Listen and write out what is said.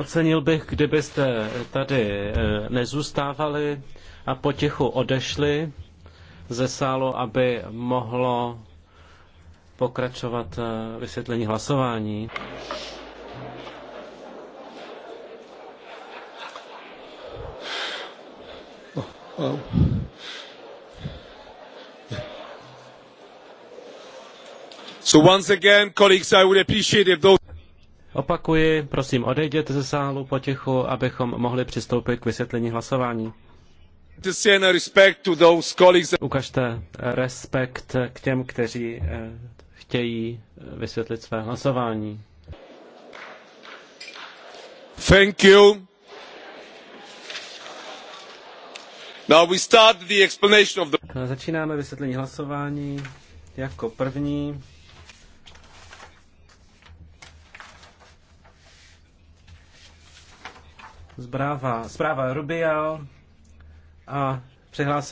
Ocenil bych, kdybyste tady uh, nezůstávali a potichu odešli ze sálu, aby mohlo pokračovat uh, vysvětlení hlasování. Oh, So once again, colleagues, I would appreciate if those... Opakuji, prosím, odejděte ze sálu potichu, abychom mohli přistoupit k vysvětlení hlasování. No Ukažte eh, respekt eh, k těm, kteří eh, chtějí vysvětlit své hlasování. Thank you. Now we start the explanation of the... Začínáme vysvětlení hlasování jako první. Zpráva, zpráva Rubial a přihlásil